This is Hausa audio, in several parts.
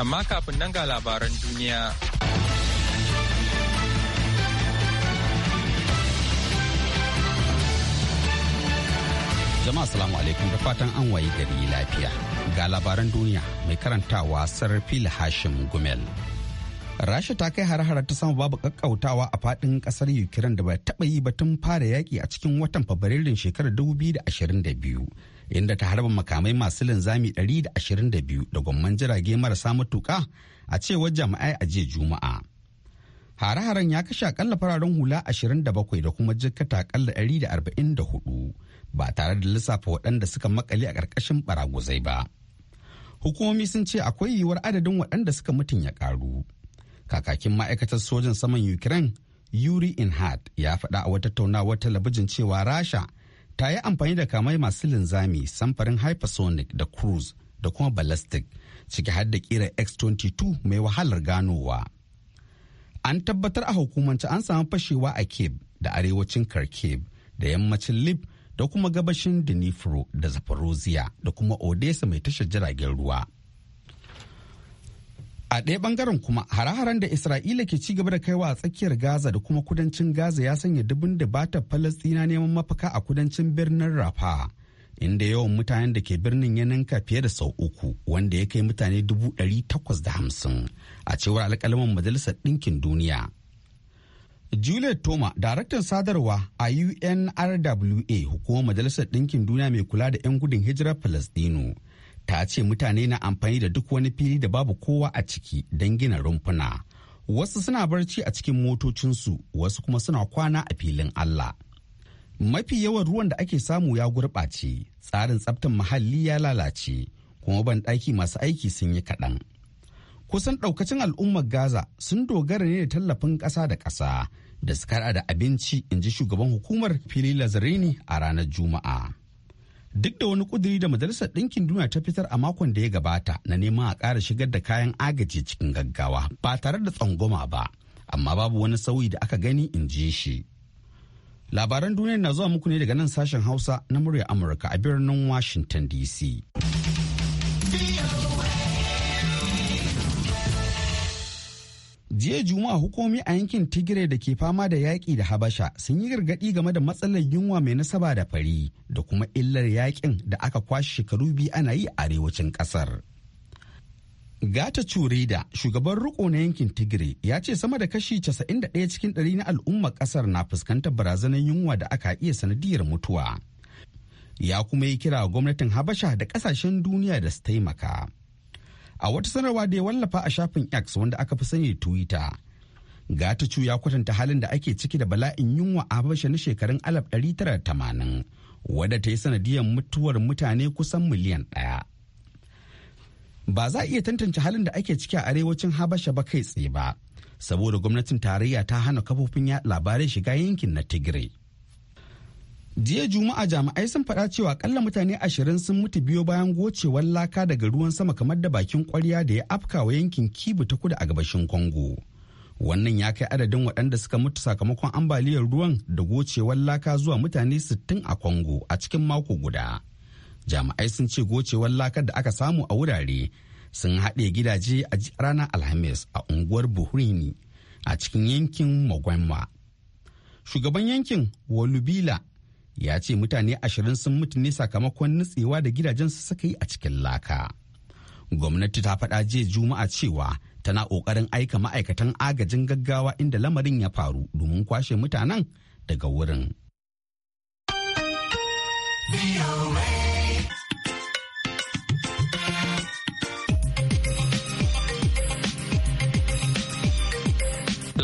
amma kafin nan ga labaran duniya. Jama'a salamu alaikum da fatan an wayi gari lafiya. Ga labaran duniya mai karantawa fil Hashim Gumel. rasha ta kai har-hara ta sama babu kakkautawa a fadin kasar ukraine da ba taba yi ba tun fara yaki a cikin watan fabrairun shekarar 2022 inda ta harba makamai masu linzami 122 da gwamman jirage marasa matuƙa a cewar jami'ai a jiya juma'a hare-haren ya kashe akalla fararen hula 27 da kuma jikkata akalla 144 ba tare da lissafa waɗanda suka makale a ƙarƙashin ɓaraguzai ba hukumomi sun ce akwai yiwuwar adadin waɗanda suka mutum ya ƙaru kakakin ma'aikatar sojan saman ukraine yuri inhard ya faɗa a wata tattaunawar talabijin cewa rasha ta yi amfani da kamai masu linzami samfarin hypersonic da cruise da kuma ballistic ciki har da kira x-22 mai wahalar ganowa an tabbatar a hukumance an samu fashewa a keb da arewacin kharkiv da yammacin lib da kuma gabashin Dinifro da zaporozhia da kuma odessa mai tashar jiragen ruwa a ɗaya bangaren kuma hare-haren da isra'ila ke ci gaba da kaiwa a tsakiyar gaza da kuma kudancin gaza ya sanya dubin da bata falastina neman mafaka a kudancin birnin rafa inda yawan mutanen da ke birnin ya ninka fiye da sau uku wanda ya kai mutane dubu ɗari takwas da hamsin a cewar alƙalamin majalisar ɗinkin duniya juliet toma daraktan sadarwa a unrwa hukumar majalisar ɗinkin duniya mai kula da 'yan gudun hijirar falastinu ta ce mutane na amfani da duk wani fili da babu kowa a ciki don gina rumfuna wasu suna barci a cikin motocinsu wasu kuma suna kwana a filin allah mafi yawan ruwan da ake samu ya gurɓace tsarin tsaftar muhalli ya lalace kuma ban masu aiki sun yi kaɗan kusan ɗaukacin al'ummar gaza sun dogara ne da tallafin ƙasa da ƙasa da suka da abinci in ji shugaban hukumar fili lazarini a ranar juma'a duk da wani kuduri da majalisar ɗinkin duniya ta fitar a makon da ya gabata na neman a ƙara shigar da kayan agaji cikin gaggawa ba tare da tsangwama ba amma babu wani sauyi da aka gani in ji shi labaran duniya na zuwa muku ne daga nan sashen hausa na murya amurka a birnin washington dc jiya juma'a hukumomi a yankin Tigray da ke fama da yaƙi da habasha sun yi gargaɗi game da matsalar yunwa mai nasaba da fari da kuma illar yaƙin da aka kwashe shekaru biyu ana yi a arewacin ƙasar gata cureda shugaban riko na yankin Tigray ya ce sama da kashi 91 cikin ɗari na al'ummar ƙasar na fuskantar barazanar yunwa da aka iya sanadiyar mutuwa ya kuma yi kira gwamnatin habasha da ƙasashen duniya da su taimaka a wata sanarwa da ya wallafa a shafin x wanda aka fi sani twitter gatacu ya kwatanta halin da ake ciki da bala'in yunwa a habasha na shekarun 1980 wadda ta yi sanadiyar mutuwar mutane kusan miliyan ɗaya. ba za a iya tantance halin da ake ciki a arewacin habasha ba kai tsaye ba saboda gwamnatin tarayya ta hana kafofin yaɗa labarai shiga yankin na tigray jiya juma'a jami'ai sun faɗa cewa kalla mutane ashirin sun mutu biyo bayan gocewar laka daga ruwan sama kamar da bakin kwarya da ya afkawa yankin kibu ta kudu a gabashin congo wannan ya kai adadin waɗanda suka mutu sakamakon ambaliyar ruwan da gocewar laka zuwa mutane sittin a congo a cikin mako guda jami'ai sun ce gocewar lakar da aka samu a wurare sun haɗe gidaje a ranar alhamis a unguwar buhurini a cikin yankin mogwamba shugaban yankin walubila ya ce mutane ashirin sun mutu ne sakamakon nutsewa da gidajensu suka yi a cikin laka. Gwamnati ta faɗa jiya Juma'a cewa tana ƙoƙarin aika ma'aikatan agajin gaggawa inda lamarin ya faru domin kwashe mutanen daga wurin.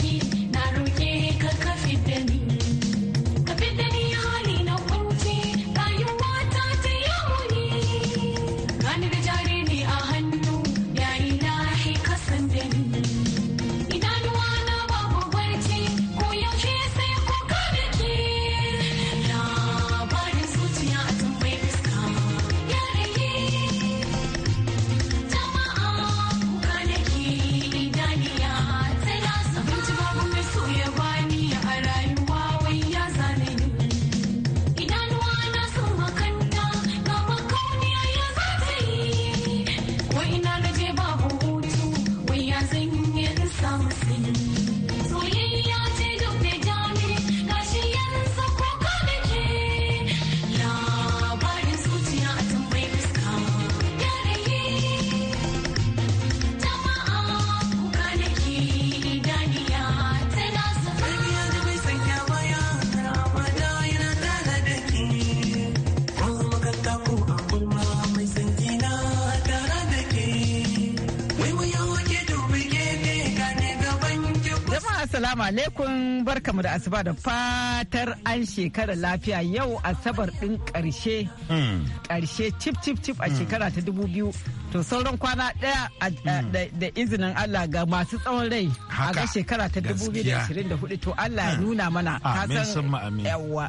keep Assalamu alaikum barkamu da asuba da fatar an shekara lafiya yau asabar din karshe karshe hmm. cip cip cip a hmm. shekara ta dubu biyu to sauran kwana daya hmm. da izinin Allah ga masu tsawon rai a ga shekara ta dubu biyu da ashirin da hudu to Allah ya nuna mana kasan yawa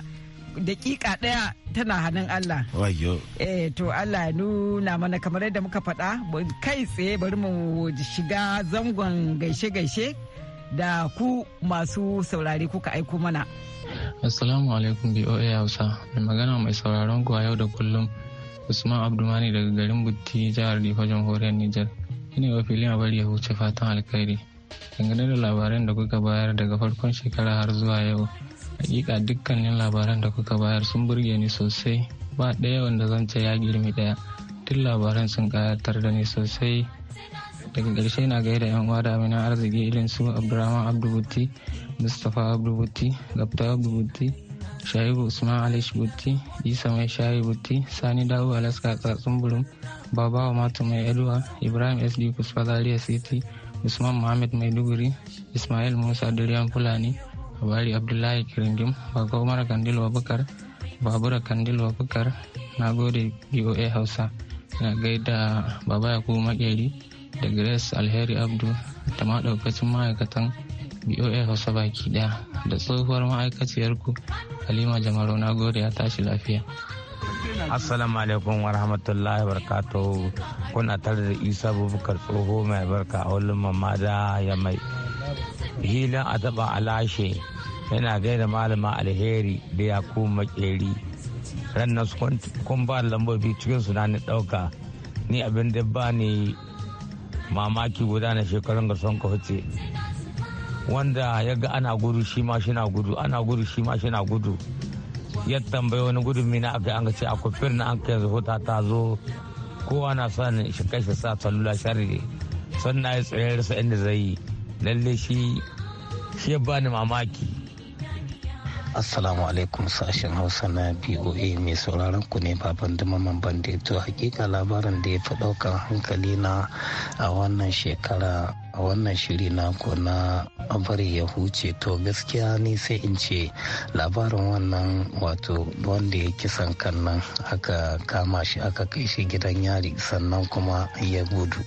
dakika daya tana hannun Allah. Wayo. Eh to Allah ya nuna mana kamar yadda muka faɗa kai tsaye bari mu shiga zangon gaishe-gaishe. da ku masu saurari kuka aiko mana. Assalamu alaikum BOA Hausa, mai magana mai sauraron ku a yau da kullum Usman Abdulmani daga garin Butti jihar Rifa jamhuriyar Nijar. Ina yi wa filin a bari ya huce fatan alkhairi. Dangane da labaran da kuka bayar daga farkon shekara har zuwa yau, hakika dukkanin labaran da kuka bayar sun burge ni sosai ba ɗaya wanda zan ce ya girmi ɗaya. Duk labaran sun ƙayatar da ni sosai daga ƙarshe na gaida yan uwa da mina arziki irin su abdurrahman abdubuti mustapha abdubuti gabta abdubuti shaibu usman alish buti isa mai shayi buti sani dawo alaska tsatsun baba babawa matu mai elwa ibrahim sd kusfa city usman mai maiduguri ismail musa durian fulani abari abdullahi kiringim bako umar kandil bakar babura kandil bakar na gode boa hausa na gaida baba yakubu makeri da grace alheri abdu ta maɗaukacin ma'aikatan boa hausa baki daya da tsohuwar ma'aikaciyar ku halima jamaru na gode ya tashi lafiya assalamu alaikum wa rahmatullahi kun kuna tare da isa bubukar tsoho mai barka a mamma da ya mai hilin a taɓa alashe yana gaida malama alheri da ya kuma makeri ran na kun ba lambobi cikin su na ni ɗauka ni abin da ba ni mamaki guda na shekarun ga son wanda ya ga ana gudu shi ma shi na gudu ana gudu shi ma shi na gudu ya tambayi wani gudun mina aka an ce a kofir na an kai yanzu hota ta zo kowa na son shi kai shi sa salula sharri sannan ya tsayar sa inda zai yi lalle shi shi ya bani mamaki Assalamu alaikum sashen Hausa na BOA mai sauraron ku ne baban dumaman bande to hakika labarin da ya fi ɗaukar hankali na a wannan shekara a wannan shiri na ko na bari ya huce to gaskiya ni sai in ce labarin wannan wato wanda ya kisan kan nan aka kama shi aka kai shi gidan yari sannan kuma ya gudu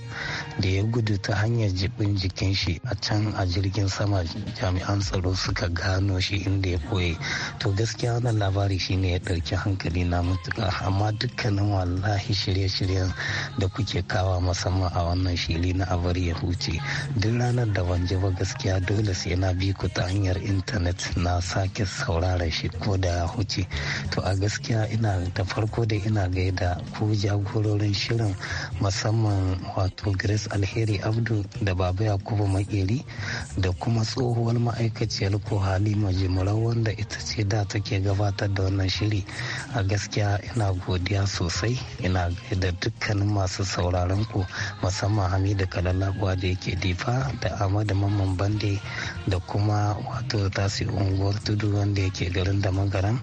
da ya gudu ta hanyar jibin jikin shi a can a jirgin sama jami'an tsaro suka gano shi inda ya koye to gaskiya wannan labari ne ya ɗauki hankali na mutuka amma dukkanin wallahi shirye-shiryen da kuke kawa musamman a wannan shiri na abar ya huce duk ranar da ban ji ba gaskiya dole sai na bi ku ta hanyar intanet na sake saurara shi ko da huce to a gaskiya ina da farko da ina gaida ku jagororin shirin musamman wato grace alheri abdu da baba yakubu makeri da kuma tsohuwar ma'aikaciyar ko halima jimarau wanda ita ce da take gabatar da wannan shiri a gaskiya ina godiya sosai ina gaida dukkanin masu sauraron ku musamman hamida kalalabuwa da yake difa da amadu mamman bande da kuma wato tasi unguwar tudu wanda yake garin da magaran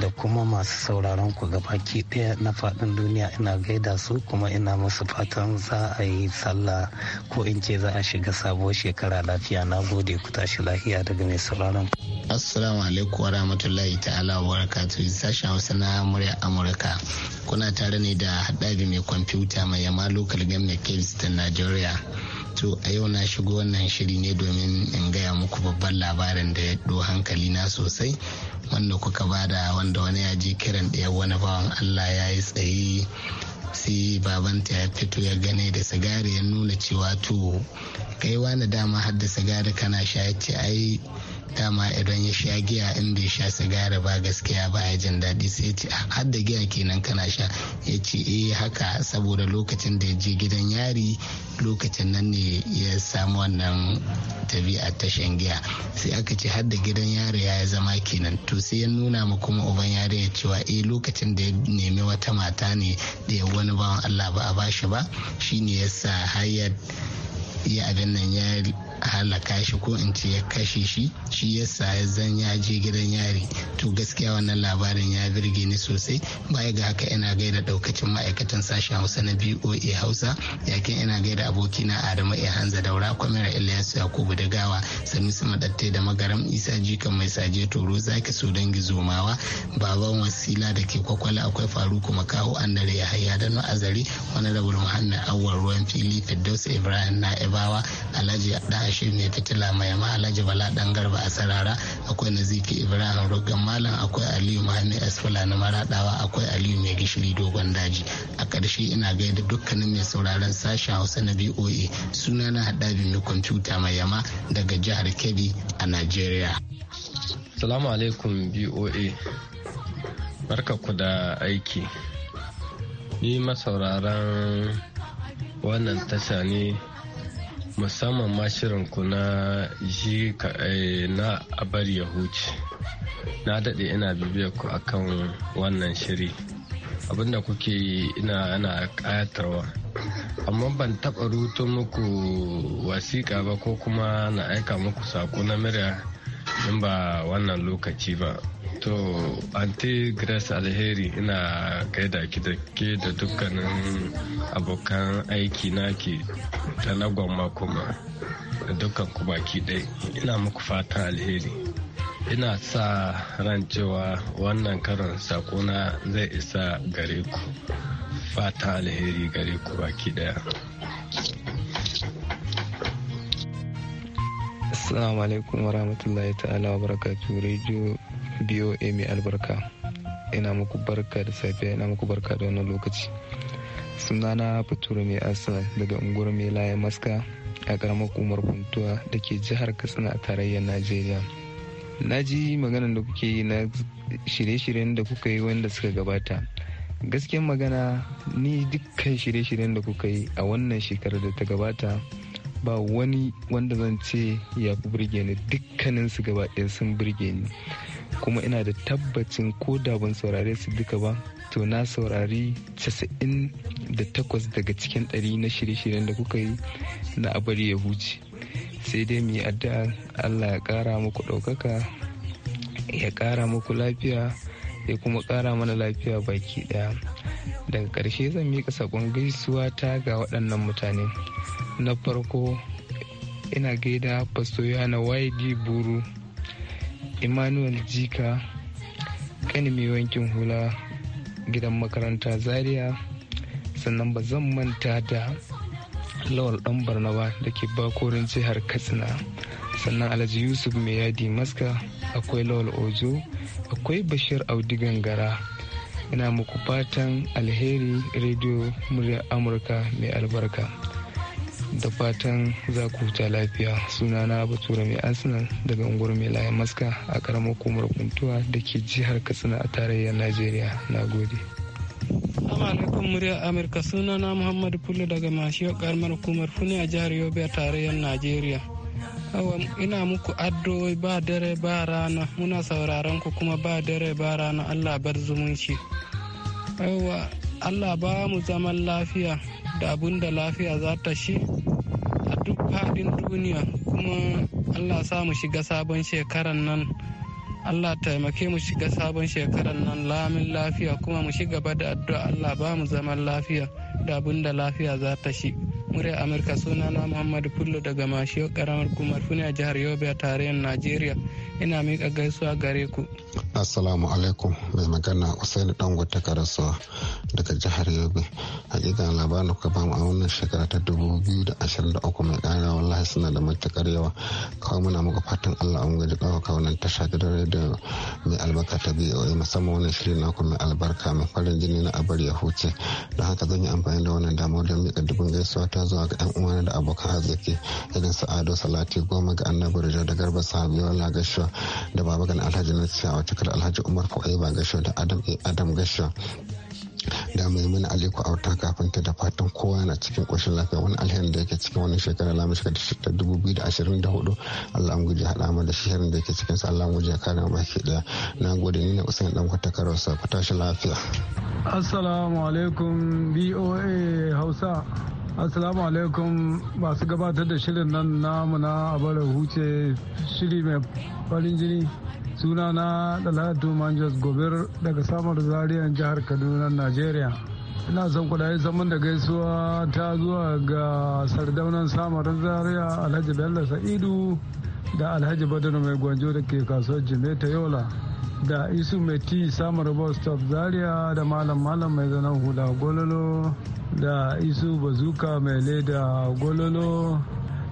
da kuma masu sauraron ku gabaki daya na faɗin duniya ina gaida su kuma ina musu fatan za a yi sallah ko in ce za a shiga sabuwar shekara lafiya na gode ku tashi lafiya daga mai sauraron assalamu alaikum wa rahmatullahi ta'ala wa barakatuh sashen hausa na murya amurka kuna tare ne da haɗari mai kwamfuta mai yama local game da ta nigeria. to a yau na shigo wannan shiri ne domin in gaya muku babban labarin da ya ɗo hankali na sosai wanda kuka bada wanda wani ya je kiran ɗaya wani bawan allah ya yi tsaye sai babanta ya fito ya gane da sigari ya nuna cewa to kai wani dama har da sigari kana sha ya ce ai dama idan ya sha giya in bai sha sigara ba gaskiya ba ya jin daɗi sai ce ah, har da giya kenan kana sha ya ce eh haka saboda lokacin da ya je gidan yari lokacin nan ne ya samu wannan tabi'a ta shan giya sai aka ce har da gidan yari ya zama kenan to sai ya nuna ma kuma uban yari ya cewa eh lokacin da ya nemi wata mata ne da ya wani bawan Allah ba a bashi ba shine yasa hayar ya abin nan ya halaka shi ko in ce ya kashe shi shi yasa ya zan ya je gidan yari to gaskiya wannan labarin ya birge ni sosai baya ga haka ina gaida daukacin ma'aikatan sashen hausa na boa hausa yakin ina gaida abokina adamu e hanza daura kwamira ilyasu yakubu da gawa sanusi madatte da magaram isa jika mai saje toro zaki so don gizomawa baban wasila da ke kwakwala akwai faruku makaho andare ya haya da no azari wani rabar muhammad awwal ruwan fili firdausa ibrahim na ibawa alhaji da shi ne fitila mai ma Alhaji Bala dan Garba a Sarara akwai Naziki Ibrahim rogan Malam akwai Aliyu Mahani Asfala na Maradawa akwai Aliyu Mai Gishiri Dogon Daji a ƙarshe ina gaida dukkanin mai sauraron sashen Hausa na BOA sunana Haɗabi mai kwamfuta mai yama daga jihar Kebbi a Najeriya. Salamu alaikum BOA. Barka ku da aiki. Ni masauraran wannan tasha ne musamman ma ku na ji eh, na abar yahuci na daɗe ina bibiyar ku akan wannan shiri abinda kuke yi ina ana ƙayatarwa amma ban taɓa ruto muku wasiƙa ba ko kuma na aika muku saƙo na murya in ba wannan lokaci ba To, anti Grace Alheri ina gaida ki da ke da dukkanin abokan aiki naki da na gwamma kuma da dukkan kuma ki dai Ina muku fatan alheri. Ina sa ran cewa wannan karon sakona zai isa gare ku. Fatan alheri gare ku baki ɗaya. Assalamu alaikum warahmatullahi ta'ala wa barakatuh Radio BOA mai albarka ina muku barka da safe ina muku barka da wannan lokaci sunana fatura mai asa daga unguwar mai laye maska a karamar kumar kuntuwa da ke jihar katsina a tarayyar najeriya na ji maganar da kuke yi na shirye-shiryen da kuka yi wanda suka gabata gaskiyar magana ni dukkan shirye-shiryen da kuka yi a wannan shekarar da ta gabata ba wani wanda zan ce ya fi birge ni dukkanin su gaba sun birge ni kuma ina da tabbacin ko da ban saurare su duka ba to na saurari 98 daga cikin 100 na shirye-shiryen da kuka yi na abari ya huce sai dai mu yi addu'a allah ya kara muku ɗaukaka ya kara muku lafiya ya kuma kara mana lafiya baki daya daga ƙarshe zan miƙa saƙon gaisuwa ta ga waɗannan mutane na farko ina gaida pasto yana yd buru emmanuel jika kani mai wankin hula gidan makaranta zaria sannan ba zan manta da lawal dan barnaba da ke bakorin jihar katsina sannan alhaji yusuf mai yadi maska akwai lawal ojo akwai bashir audi gangara ina muku fatan alheri rediyo murya amurka mai albarka da fatan za ku huta lafiya sunana bature mai arsenal daga unguwar mai maska a karamar komar kuntuwa da ke jihar katsina a tarayyar najeriya na gode alaikun murya amurka sunana muhammadu pullo daga yau karamar komar funi a jihar yobe a tarayyar najeriya ina muku addu'o'i ba dare ba rana muna sauraron ku kuma ba dare ba rana allah bar zumunci allah ba mu zaman lafiya da abun da lafiya za ta shi a duk faɗin duniya kuma allah sa mu shiga sabon shekaran nan allah taimake mu shiga sabon shekaran nan lamin lafiya kuma mu shiga da addu'a allah ba mu zaman lafiya da abun da lafiya za ta shi murya amurka sunana muhammadu pullo daga mashi karamar kumar a jihar yobe a tarayyar najeriya ina miƙa gaisuwa gare ku assalamu alaikum mai magana usaini ta karasuwa daga jihar yobe hakika labarin kuka bamu a wannan shekara ta uku mai kara wallahi suna da matukar yawa kawai muna muka fatan allah an gaji ɗaukaka wannan tasha gidan da mai albarka ta biyu musamman wannan shirin na mai albarka mai farin jini na abar ya huce don haka zan yi amfani da wannan damar don miƙa dubin gaisuwa ta ta zuwa ga yan uwana da abokan arziki irin su ado salati goma ga annabi rijo da garba sahabi wala gasho da baba gan alhaji nasiya wa kar alhaji umar ba gasho da adam eh, adam gasho da maimuna aliko auta kafin ta da fatan kowa na cikin ƙoshin lafiya wani alherin da yake cikin wannan shekarar lamu shekarar ta dubu biyu da ashirin da hudu allah an guji haɗa mu da shirin da yake cikin sa allah an guji kare mu baki ɗaya na gode ni na usain dan kwata karosa ku tashi lafiya assalamu alaikum boa hausa Assalamu alaikum masu gabatar da shirin nan namu na abara huce shiri mai farin jini suna na Dalatu Manjas Gobir daga samar zariyan jihar Kaduna, Najeriya. Ina son kudaye saman da gaisuwa ta zuwa ga sardaunan samarin zaria Alhaji Bello Sa'idu da alhaji badano mai gwanjo da ke kasuwar jimeta yola da isu mai ti samun rabar stop zaria da malam malam mai zanen hula gololo da isu bazuka mai leda gololo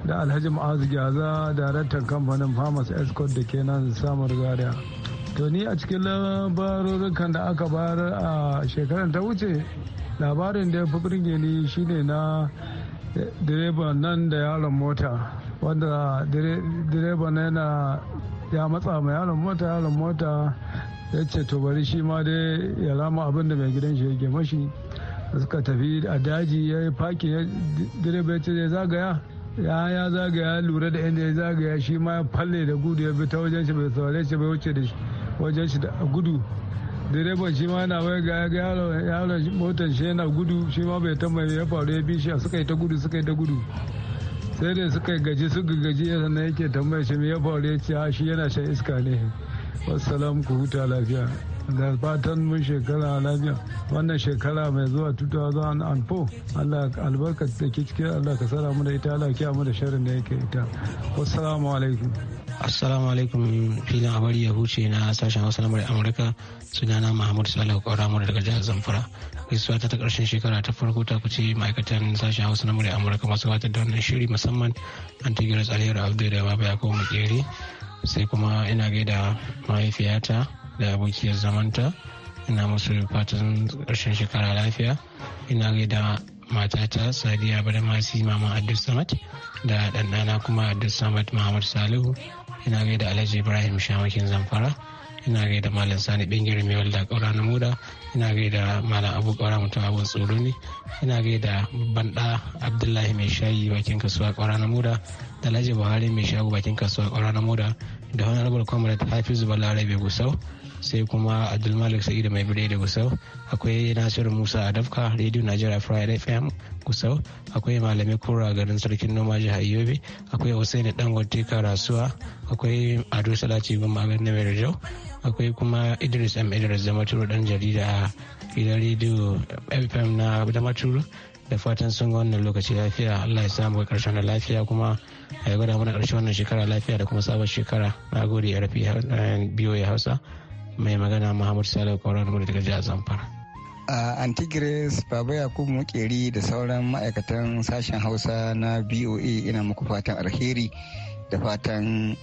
da alhaji ma'azu gyaza daraktan kamfanin farmers escort da ke nan samun zaria to ni a cikin labarurukan da aka bayar a shekarar ta wuce labarin da ya fi birge ni shine na direban nan da yaron mota wanda direba na yana ya matsa ma yaron mota yaron mota ya ce to bari shi ma dai ya rama abin da mai gidan shi ya mashi suka tafi a daji ya yi faki direba ya ce zai zagaya ya ya zagaya lura da inda ya zagaya shi ma ya falle da gudu ya bi ta wajen shi bai saurare shi bai wuce da wajen shi da gudu direban shi ma yana wai ga yaron motan shi yana gudu shi ma bai tambaye ya faru ya bi shi suka yi ta gudu suka yi ta gudu sai da suka gaji suka gaji sannan yake tambaya shi me ya faru ya ce ah, shi yana shan iska ne wassalam ku huta lafiya da fatan mun shekara lafiya wannan shekara mai zuwa 2004 Allah albarka da ke cikin Allah ka sara mu da ita Allah kiya mu da sharrin da yake ita wassalamu alaikum Assalamu alaikum filin abari ya huce na sashen Hausa na Amurka sunana Mahmud Salihu Kwaramu daga jihar Zamfara. Gaisuwa ta ta karshen shekara ta farko ta kuce ma'aikatan sashen Hausa na Amurka masu wata da wannan shiri musamman Antigiyar Tsariyar Abdul da Baba Yakubu Makeri. Sai kuma ina gaida mahaifiyata da abokiyar zamanta. Ina musu fatan karshen shekara lafiya. Ina gaida matata Sadiya Badamasi Mama Abdul Samad da ɗanɗana kuma Abdul Samad Muhammad Salihu ina gaida alhaji ibrahim shamakin zamfara ina gaida malam sani bengire mai walda kaura na muda ina gaida malam abu kaura mutum abu tsoro ne ina gaida banda abdullahi mai shayi bakin kasuwa kaura na muda da alhaji buhari mai shago bakin kasuwa kaura na muda da honorable comrade hafizu balarabe gusau sai kuma abdulmalik sa'idu mai bire da gusau akwai nasiru musa adafka radio nigeria friday fm gusau akwai malami kura garin sarkin noma jihar yobe akwai hussaini dangote karasuwa akwai ado salati Gumma garin mai akwai kuma idris m idris da dan jarida gidan radio fm na da da fatan sun ga wannan lokaci lafiya allah ya samu karshen da lafiya kuma a yi gwada mana karshen wannan shekara lafiya da kuma sabon shekara na gode rafi eh, biyo ya hausa mai magana Muhammad Sale Kauran mu daga jihar Zamfara. A Antigres Baba Yakubu Mukeri da sauran ma'aikatan sashen Hausa na BOA ina muku fatan alheri da fatan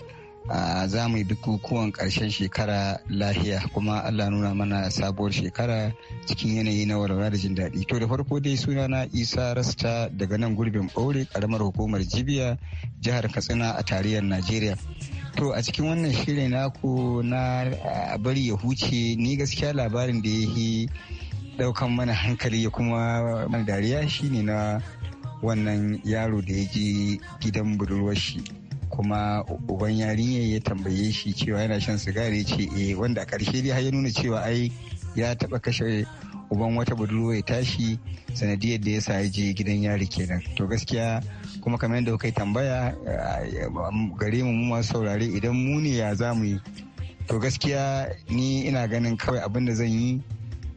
za mu yi bukukuwan ƙarshen shekara lahiya kuma Allah nuna mana sabuwar shekara cikin yanayi na walwala da jin daɗi. To da farko dai suna na Isa Rasta daga nan gurbin ɓaure ƙaramar hukumar Jibiya jihar Katsina a tarayyar Najeriya. To a cikin wannan shirin naku na bari ya huce ni gaskiya labarin da ya yi daukan mana hankali ya kuma man dariya shine na wannan yaro da ya je gidan budurwar shi kuma uban yarinya ya tambaye shi cewa yana shan sigari ce eh wanda a ƙarshe dai ya nuna cewa ai ya taba kashe uban wata budurwa ya tashi sanadiyar da ya sa ya je gidan yari kenan to gaskiya kuma kamar yadda kai tambaya eh, gare mu mu masu saurare idan mu ne ya za mu yi to gaskiya ni ina ganin kawai abin da zan yi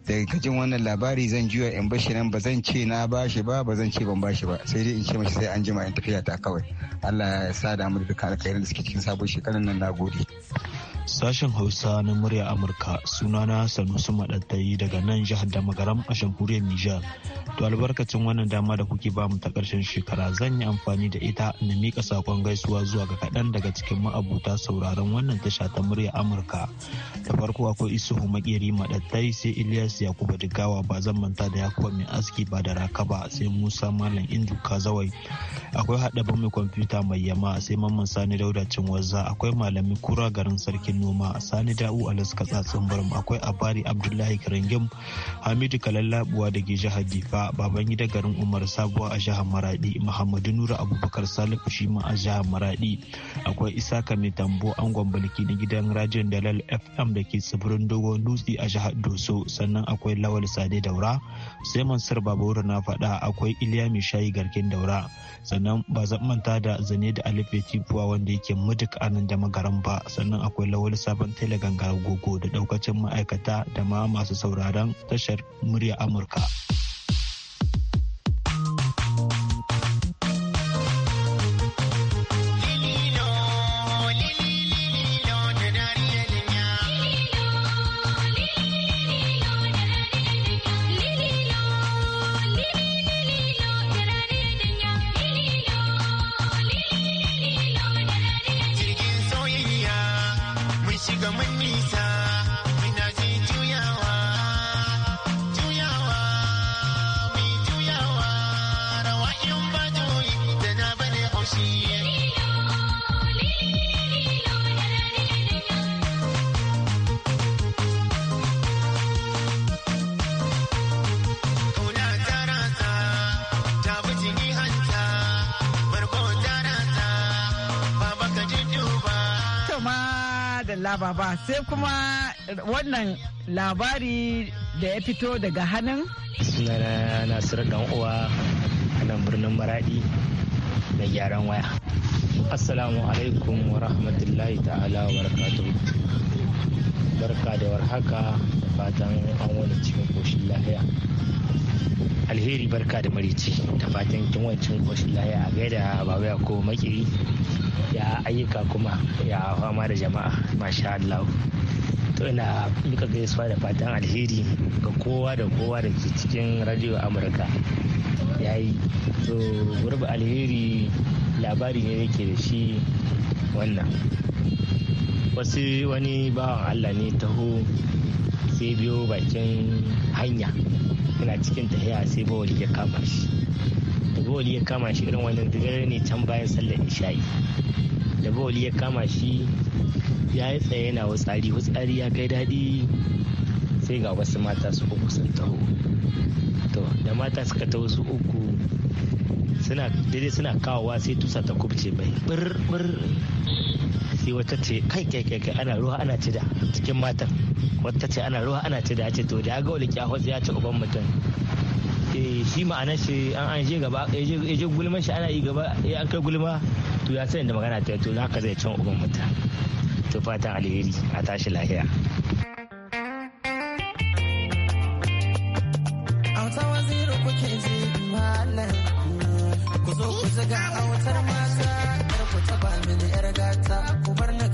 daga kajin wannan labari zan juya in bashi nan ba zan ce na bashi ba ba zan ce ban bashi ba sai dai in ce mashi sai an jima in tafiya ta kawai Allah ya sa da mu da dukkan alkhairin da suke cikin sabon shekarar nan na gode Sashen Hausa na murya Amurka sunana Sanusi Maɗattayi daga nan jihar da magaram a Nijar. To albarkacin wannan dama da kuke ba mu ta ƙarshen shekara zan yi amfani da ita na miƙa saƙon gaisuwa zuwa ga kaɗan daga cikin ma'abuta sauraron wannan tasha ta murya Amurka. Da farko akwai Isuhu Makeri Maɗattayi sai Ilyas Yakuba Digawa ba zan manta da Yakuba mai aski ba da raka ba sai Musa Malam Indu Kazawai. Akwai haɗa mai kwamfuta mai yama sai Mamman Sani Dauda Cinwazza akwai Malami Kura garin Sarkin aikin noma sani da'u laska tsatsin barmu akwai abari abdullahi karangim hamidu kalallabuwa da ke jihar difa gida garin umar sabuwa a jihar maradi muhammadu nura abubakar shi shima a jihar maradi akwai isa mai tambo angon balki na gidan rajin dalal fm da ke tsibirin dogon dutse a jihar doso sannan akwai lawal sade daura sai mansur babawura na faɗa akwai iliya mai shayi garkin daura sannan ba zan manta da zane da alif ya wanda yake mutuk anan da magaran ba sannan akwai lawal wani sabon telegram gangara gogo da daukacin ma'aikata da ma masu sauraron tashar murya Amurka. Baba sai kuma wannan labari da ya fito daga hannun. Sunana Nasiru dan uwa a nan birnin maraɗi mai gyaran waya. Assalamu alaikum wa rahmatullahi ta'ala wa Barka da warhaka da fatan an wani cikin koshin lahiya. alheri barka da marici ta fatan kin wancin koshin lahiya a gaida baba ya ko makiri ya ayyuka kuma ya fama da jama'a masha Allah to ina duka gaisuwa da fatan alheri ga kowa da kowa da ke cikin radio amurka yayi to gurbi alheri labari ne yake da shi wannan wasu wani bawan allah ne taho sai biyo bakin hanya yana cikin tahiya sai bawali ya kama shi da bawali ya kama shi irin wannan dare ne can bayan sallar isha'i da bawali ya kama shi ya yi tsaye yana watsari watsari ya kai daɗi sai ga wasu mata su uku sun taho to da mata suka taho su uku suna daidai suna kawowa sai tusa ta kubce bai bir sai wata ce kai kai kai kai ana ruwa ana cida cikin matan wata ce ana ruwa ana cida ce to da ya ga wani kyahos ya ci uban mutum eh, shi ma'ana shi an an je gaba ya je gulman shi ana yi gaba ya an kai gulma to ya sani da magana ta to haka zai can uban mutum to fatan alheri a tashi lahiya ku zo ku autar ma taba mini yar gata ku bar na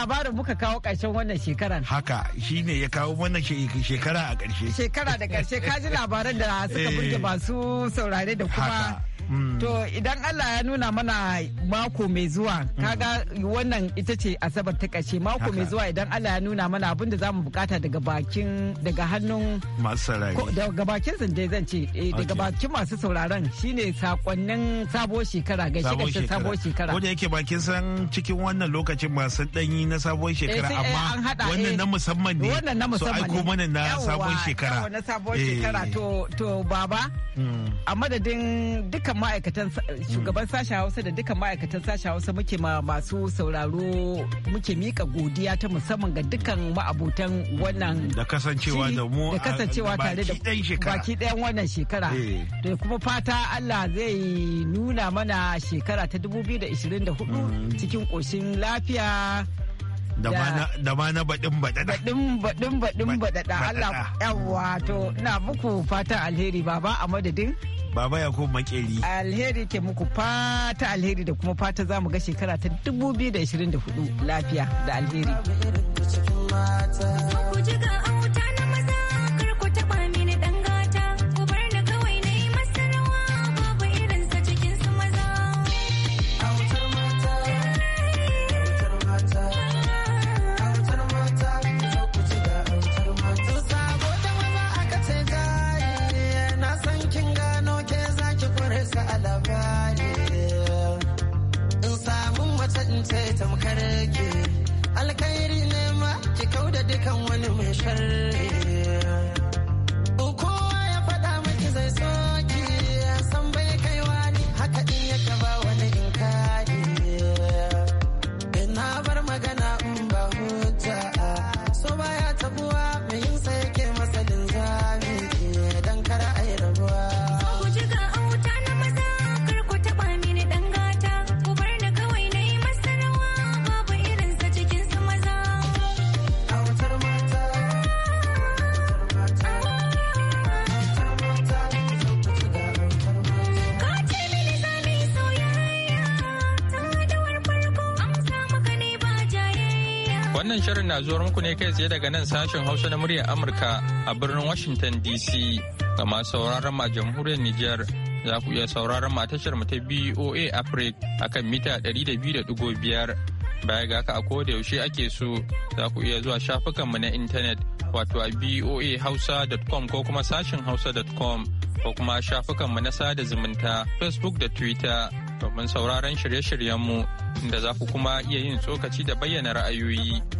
labarin muka kawo ƙarshen wannan shekaran. Haka shi ne ya kawo wannan shekara a ƙarshe. Shekara da ƙarshe ka ji labaran da suka burge eh. masu saurare da kuma. Mm. To idan Allah ya nuna mana mako mai zuwa kaga wannan ita ce asabar ta kashe mako mai zuwa idan Allah ya nuna mana abin da zamu bukata daga bakin daga hannun masu saurare daga bakin zan zan ce eh, daga bakin masu sauraron shine sakonnin sabo shekara ga shi sabo shekara wanda yake bakin san cikin wannan lokacin masu danyi na sabon eh, shekara eh, amma wannan na musamman ne wannan na musamman ne so aiko mana na sabon shekara na sabon shekara to to baba hmm. a madadin dukkan ma'aikatan shugaban sashen Hausa da dukkan ma'aikatan ma'aikatan sashen hausa muke ma masu sauraro muke mika godiya ta musamman ga dukkan ma'abutan wannan da kasancewa da mu da kasancewa tare da baki ɗayan wannan shekara da eh. kuma fata allah zai nuna mana shekara ta 2024 mm. cikin ƙoshin lafiya da ma na baɗin baɗaɗa baɗin baɗin baɗin baɗaɗa Allah yawa to ina muku fata alheri baba a madadin Baba ko Makeri. Alheri ke muku fata alheri da kuma fata za mu ga shekara ta 2024 lafiya da alheri. lafiya ji ga Wannan shirin na zuwa muku ne kai tsaye daga nan sashen Hausa na muryar Amurka a birnin Washington DC. Ga masu sauraron ma jamhuriyar Nijar za ku iya sauraron ma tashar mu ta BOA Africa a kan mita 200.5. Baya ga ka a koda yaushe ake so za ku iya zuwa shafukan mu na intanet wato a boahausa.com ko kuma sashen hausa.com ko kuma shafukanmu na sada zumunta Facebook da Twitter. domin sauraron shirye-shiryenmu inda za ku kuma iya yin tsokaci da bayyana ra'ayoyi.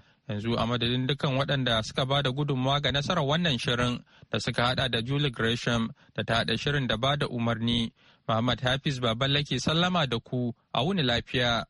yanzu a madadin dukkan waɗanda suka ba da gudunmawa ga nasarar wannan shirin da suka hada da julie gresham da ta hada shirin da ba da umarni muhammad hafiz baballa ke sallama da ku a wuni lafiya